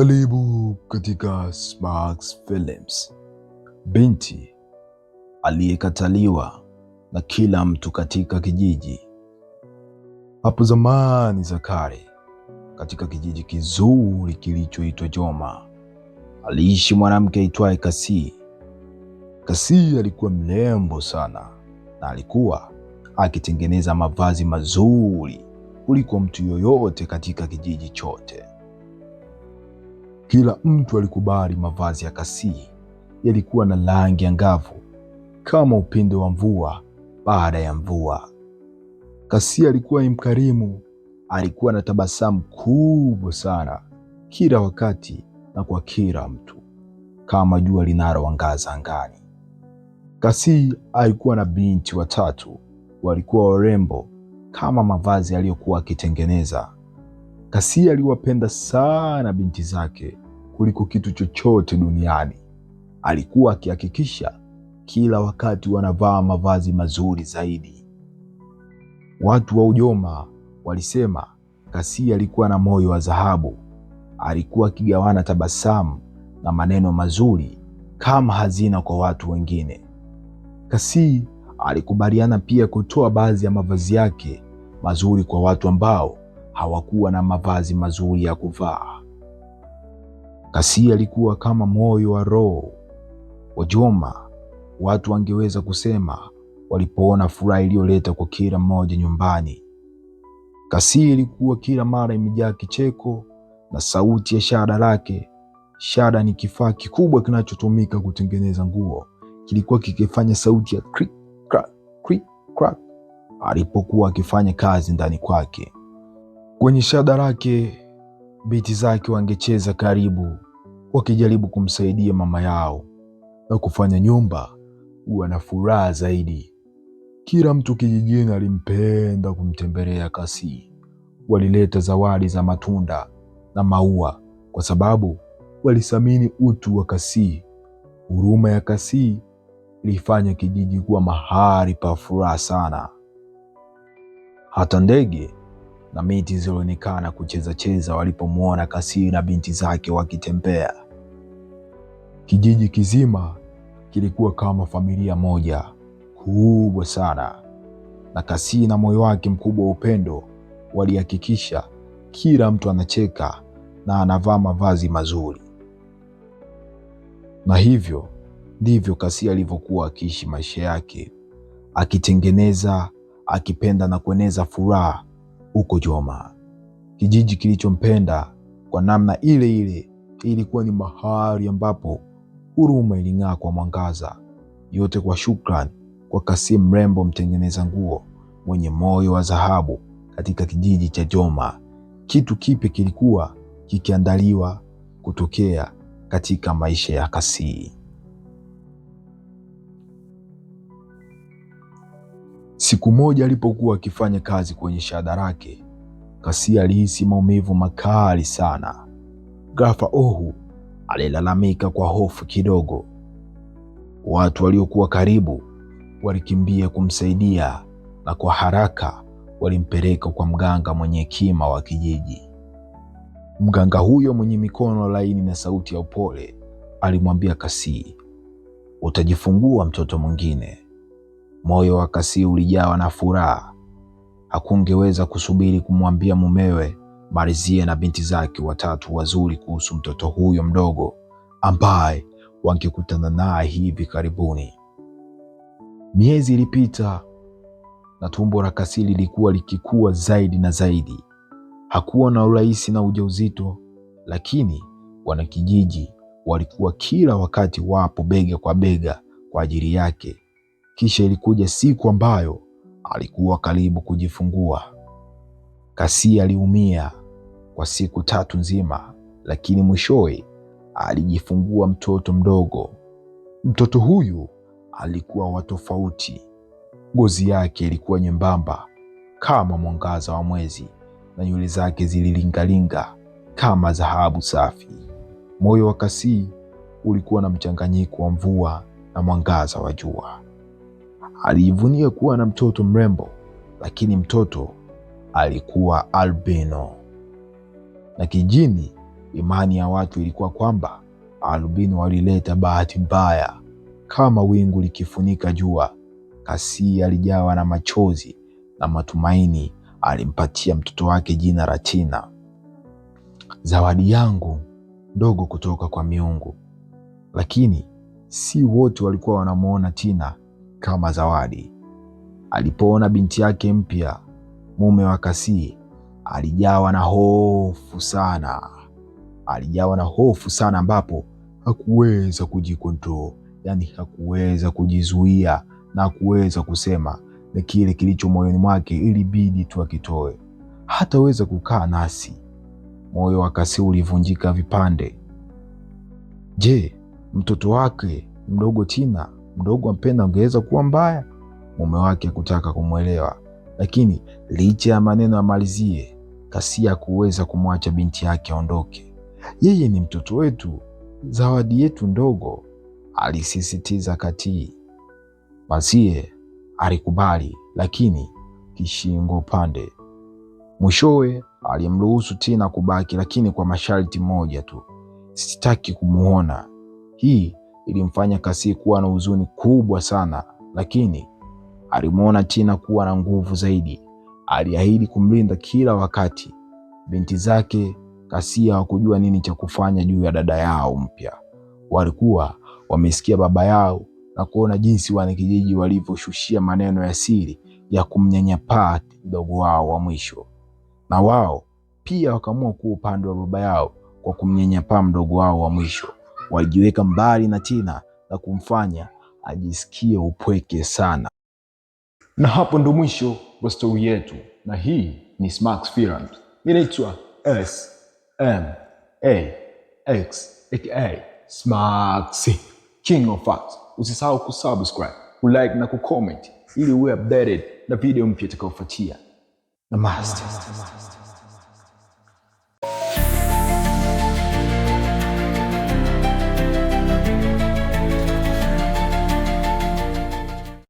Karibu katika Smax Films. Binti aliyekataliwa na kila mtu katika kijiji. Hapo zamani za kale, katika kijiji kizuri kilichoitwa Joma, aliishi mwanamke aitwaye Kasi. Kasi alikuwa mrembo sana na alikuwa akitengeneza mavazi mazuri kuliko mtu yoyote katika kijiji chote. Kila mtu alikubali. Mavazi ya Kasii yalikuwa na rangi angavu kama upinde wa mvua baada ya mvua. Kasii alikuwa mkarimu, alikuwa na tabasamu kubwa sana kila wakati na kwa kila mtu, kama jua linaloangaza angani. Kasii alikuwa na binti watatu, walikuwa warembo kama mavazi aliyokuwa akitengeneza. Kasia aliwapenda sana binti zake kuliko kitu chochote duniani. Alikuwa akihakikisha kila wakati wanavaa mavazi mazuri zaidi. Watu wa Ujoma walisema Kasia alikuwa na moyo wa dhahabu. Alikuwa akigawana tabasamu na maneno mazuri kama hazina kwa watu wengine. Kasi alikubaliana pia kutoa baadhi ya mavazi yake mazuri kwa watu ambao hawakuwa na mavazi mazuri ya kuvaa. Kasia alikuwa kama moyo wa roho wajoma, watu wangeweza kusema walipoona furaha iliyoleta kwa kila mmoja nyumbani. Kasia ilikuwa kila mara imejaa kicheko na sauti ya shada lake. Shada ni kifaa kikubwa kinachotumika kutengeneza nguo, kilikuwa kikifanya sauti ya krik krak krik krak alipokuwa akifanya kazi ndani kwake. Kwenye shada lake binti zake wangecheza karibu, wakijaribu kumsaidia mama yao na kufanya nyumba huwa na furaha zaidi. Kila mtu kijijini alimpenda kumtembelea kasi Walileta zawadi za matunda na maua kwa sababu walithamini utu wa Kasii. Huruma ya kasi ilifanya kijiji kuwa mahali pa furaha sana. Hata ndege na miti zilionekana kuchezacheza walipomwona Kasiri na binti zake wakitembea. Kijiji kizima kilikuwa kama familia moja kubwa sana, na Kasiri na moyo wake mkubwa wa upendo walihakikisha kila mtu anacheka na anavaa mavazi mazuri. Na hivyo ndivyo Kasiri alivyokuwa akiishi maisha yake, akitengeneza, akipenda na kueneza furaha huko Joma, kijiji kilichompenda kwa namna ile ile. Ilikuwa ni mahali ambapo huruma iling'aa kwa mwangaza, yote kwa shukrani kwa kasi mrembo, mtengeneza nguo mwenye moyo wa dhahabu katika kijiji cha Joma. Kitu kipya kilikuwa kikiandaliwa kutokea katika maisha ya Kasii. Siku moja alipokuwa akifanya kazi kwenye shada lake, kasi alihisi maumivu makali sana. Ghafla Ohu alilalamika kwa hofu kidogo. Watu waliokuwa karibu walikimbia kumsaidia na kwa haraka walimpeleka kwa mganga mwenye hekima wa kijiji. Mganga huyo mwenye mikono laini na sauti ya upole alimwambia Kasii, utajifungua mtoto mwingine Moyo wa Kasii ulijawa na furaha. Hakungeweza kusubiri kumwambia mumewe Marizia na binti zake watatu wazuri kuhusu mtoto huyo mdogo ambaye wangekutana naye hivi karibuni. Miezi ilipita na tumbo la Kasii lilikuwa likikua zaidi na zaidi. Hakuwa na urahisi na ujauzito, lakini wanakijiji walikuwa kila wakati wapo bega kwa bega kwa ajili yake kisha ilikuja siku ambayo alikuwa karibu kujifungua. Kasia aliumia kwa siku tatu nzima, lakini mwishowe alijifungua mtoto mdogo. Mtoto huyu alikuwa wa tofauti. Ngozi yake ilikuwa nyembamba kama mwangaza wa mwezi na nywele zake zililingalinga kama dhahabu safi. Moyo wa Kasii ulikuwa na mchanganyiko wa mvua na mwangaza wa jua. Alijivunia kuwa na mtoto mrembo, lakini mtoto alikuwa albino. Na kijini, imani ya watu ilikuwa kwamba albino walileta bahati mbaya. Kama wingu likifunika jua, Kasii alijawa na machozi na matumaini. Alimpatia mtoto wake jina la Tina, zawadi yangu ndogo kutoka kwa miungu. Lakini si wote walikuwa wanamwona Tina kama zawadi. Alipoona binti yake mpya, mume wa Kasii, alijawa na hofu sana, alijawa na hofu sana, ambapo hakuweza kujikontrol, yani hakuweza kujizuia na hakuweza kusema na kile kilicho moyoni mwake, ilibidi tu akitoe. Hataweza kukaa nasi. Moyo wa Kasii ulivunjika vipande. Je, mtoto wake mdogo Tina mdogo ampenda angeweza kuwa mbaya? Mume wake kutaka kumwelewa, lakini licha ya maneno amalizie, Kasia kuweza kumwacha binti yake aondoke. Yeye ni mtoto wetu, zawadi yetu ndogo, alisisitiza Katii. Mazie alikubali, lakini kishingo pande. Mwishowe alimruhusu Tina kubaki, lakini kwa masharti moja tu, sitaki kumuona. Hii ilimfanya Kasii kuwa na huzuni kubwa sana, lakini alimwona China kuwa na nguvu zaidi. Aliahidi kumlinda kila wakati. Binti zake Kasii hawakujua nini cha kufanya juu ya dada yao mpya. Walikuwa wamesikia baba yao na kuona jinsi wanakijiji walivyoshushia maneno ya siri ya kumnyanyapaa mdogo wao wa mwisho, na wao pia wakaamua kuwa upande wa baba yao kwa kumnyanyapaa mdogo wao wa mwisho walijiweka mbali na Tina na kumfanya ajisikie upweke sana. Na hapo ndo mwisho wa stori yetu, na hii ni Smax Films. Ninaitwa S M A X aka Smax King of Facts. Usisahau kusubscribe, kulike na kucomment ili uwe updated na video mpya itakayofuatia. Namaste. Namaste.